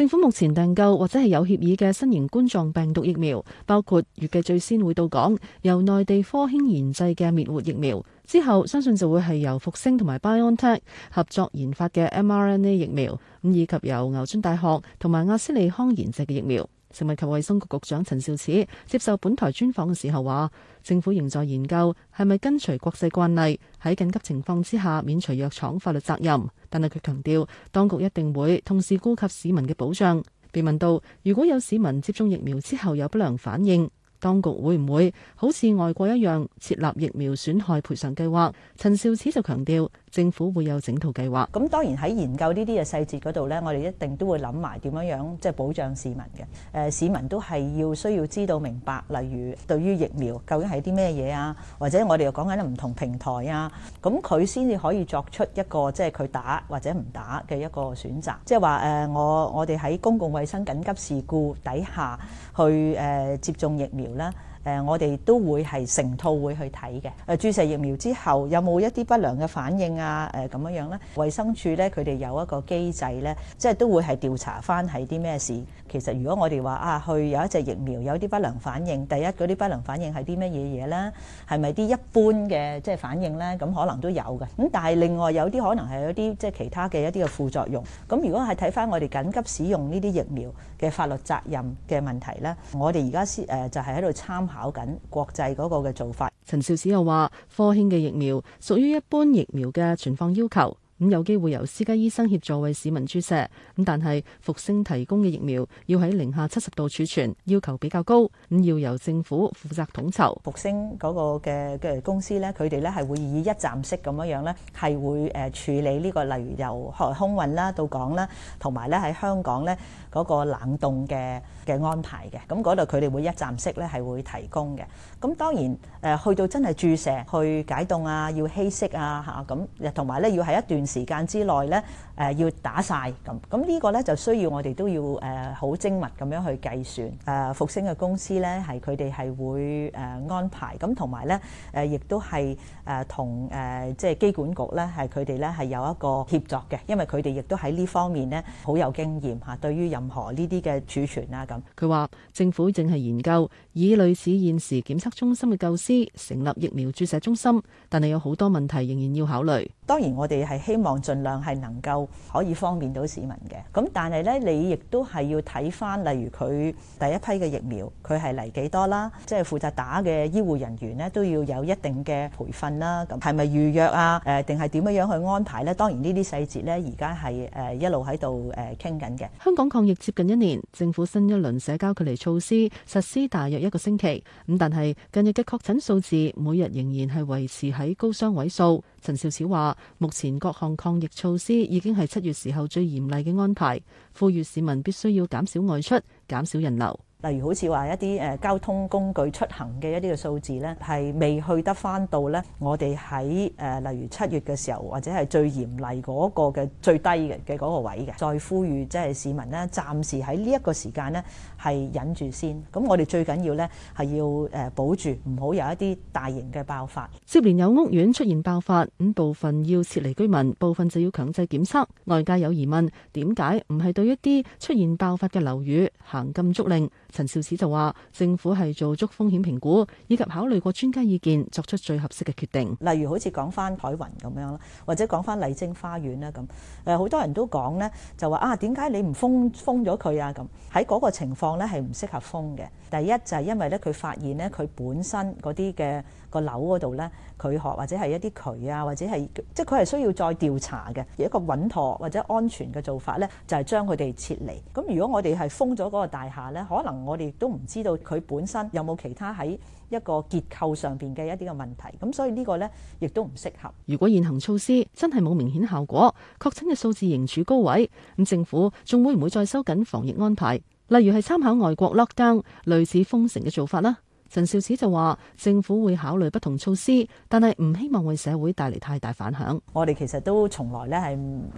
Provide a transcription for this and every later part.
政府目前訂購或者係有協議嘅新型冠狀病毒疫苗，包括預計最先會到港由內地科興研製嘅滅活疫苗，之後相信就會係由復星同埋 BioNTech 合作研發嘅 mRNA 疫苗，咁以及由牛津大學同埋阿斯利康研製嘅疫苗。食物及衛生局局長陳肇始接受本台專訪嘅時候話，政府仍在研究係咪跟隨國際慣例喺緊急情況之下免除藥廠法律責任。但係佢強調，當局一定會同時顧及市民嘅保障。被問到如果有市民接種疫苗之後有不良反應，當局會唔會好似外國一樣設立疫苗損害賠償計劃？陳肇始就強調，政府會有整套計劃，咁當然喺研究呢啲嘅細節嗰度呢，我哋一定都會諗埋點樣樣，即係保障市民嘅。誒、呃、市民都係要需要知道明白，例如對於疫苗究竟係啲咩嘢啊，或者我哋又講緊唔同平台啊，咁佢先至可以作出一個即係佢打或者唔打嘅一個選擇。即係話誒，我我哋喺公共衞生緊急事故底下去誒、呃、接種疫苗啦。誒，我哋都會係成套會去睇嘅。誒，注射疫苗之後有冇一啲不良嘅反應啊？誒，咁樣樣咧，衞生署咧佢哋有一個機制咧，即係都會係調查翻係啲咩事。其實如果我哋話啊，去有一隻疫苗有啲不良反應，第一嗰啲不良反應係啲咩嘢嘢咧？係咪啲一般嘅即係反應咧？咁可能都有嘅。咁但係另外有啲可能係有啲即係其他嘅一啲嘅副作用。咁如果係睇翻我哋緊急使用呢啲疫苗嘅法律責任嘅問題咧，我哋而家先誒就係喺度參考緊國際嗰個嘅做法。陳肇始又話：科興嘅疫苗屬於一般疫苗嘅存放要求。咁有機會由私家醫生協助為市民注射，咁但係復星提供嘅疫苗要喺零下七十度儲存，要求比較高，咁要由政府負責統籌。復星嗰個嘅嘅公司咧，佢哋咧係會以一站式咁樣樣咧，係會誒處理呢個，例如由航空運啦到港啦，同埋咧喺香港咧嗰個冷凍嘅嘅安排嘅，咁嗰度佢哋會一站式咧係會提供嘅。咁當然誒去到真係注射去解凍啊，要稀釋啊嚇咁，同埋咧要喺一段。時間之內咧，誒要打晒咁，咁呢個咧就需要我哋都要誒好精密咁樣去計算。誒復星嘅公司咧，係佢哋係會誒安排咁，同埋咧誒亦都係誒同誒即係機管局咧，係佢哋咧係有一個協作嘅，因為佢哋亦都喺呢方面咧好有經驗嚇。對於任何呢啲嘅儲存啊咁，佢話政府正係研究以類似現時檢測中心嘅構思，成立疫苗注射中心，但係有好多問題仍然要考慮。當然，我哋係希望盡量係能夠可以方便到市民嘅。咁但係咧，你亦都係要睇返，例如佢第一批嘅疫苗，佢係嚟幾多啦？即係負責打嘅醫護人員呢，都要有一定嘅培訓啦。咁係咪預約啊？誒，定係點樣樣去安排呢？當然呢啲細節呢，而家係誒一路喺度誒傾緊嘅。香港抗疫接近一年，政府新一輪社交距離措施實施大約一個星期咁，但係近日嘅確診數字每日仍然係維持喺高雙位數。陳肇始話：目前各項抗疫措施已經係七月時候最嚴厲嘅安排，呼籲市民必須要減少外出，減少人流。例如好似話一啲誒交通工具出行嘅一啲嘅數字咧，係未去得翻到咧，我哋喺誒例如七月嘅時候，或者係最嚴厲嗰個嘅最低嘅嘅嗰個位嘅。再呼籲即係市民咧，暫時喺呢一個時間咧係忍住先。咁我哋最緊要咧係要誒保住，唔好有一啲大型嘅爆發。接連有屋苑出現爆發，咁部分要撤離居民，部分就要強制檢測。外界有疑問，點解唔係對一啲出現爆發嘅樓宇行禁足令？陳肇始就話：政府係做足風險評估，以及考慮過專家意見，作出最合適嘅決定。例如好似講返海雲咁樣啦，或者講返麗晶花園啦咁。誒，好多人都講呢，就話啊，點解你唔封封咗佢啊？咁喺嗰個情況呢，係唔適合封嘅。第一就係因為呢，佢發現呢，佢本身嗰啲嘅個樓嗰度呢，佢殼或者係一啲渠啊，或者係即係佢係需要再調查嘅一個穩妥或者安全嘅做法呢，就係、是、將佢哋撤離。咁如果我哋係封咗嗰個大廈呢，可能我哋亦都唔知道佢本身有冇其他喺一個結構上邊嘅一啲嘅問題，咁所以這個呢個咧亦都唔適合。如果現行措施真係冇明顯效果，確診嘅數字仍處高位，咁政府仲會唔會再收緊防疫安排？例如係參考外國 Lockdown，類似封城嘅做法啦。陳肇始就話：政府會考慮不同措施，但係唔希望為社會帶嚟太大反響。我哋其實都從來咧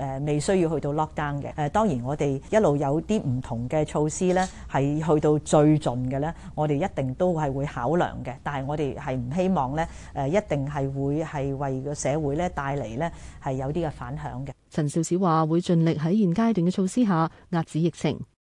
係誒未需要去到 lockdown 嘅。誒，當然我哋一路有啲唔同嘅措施咧，係去到最盡嘅咧，我哋一定都係會考量嘅。但係我哋係唔希望咧誒，一定係會係為個社會咧帶嚟咧係有啲嘅反響嘅。陳肇始話：會盡力喺現階段嘅措施下壓止疫情。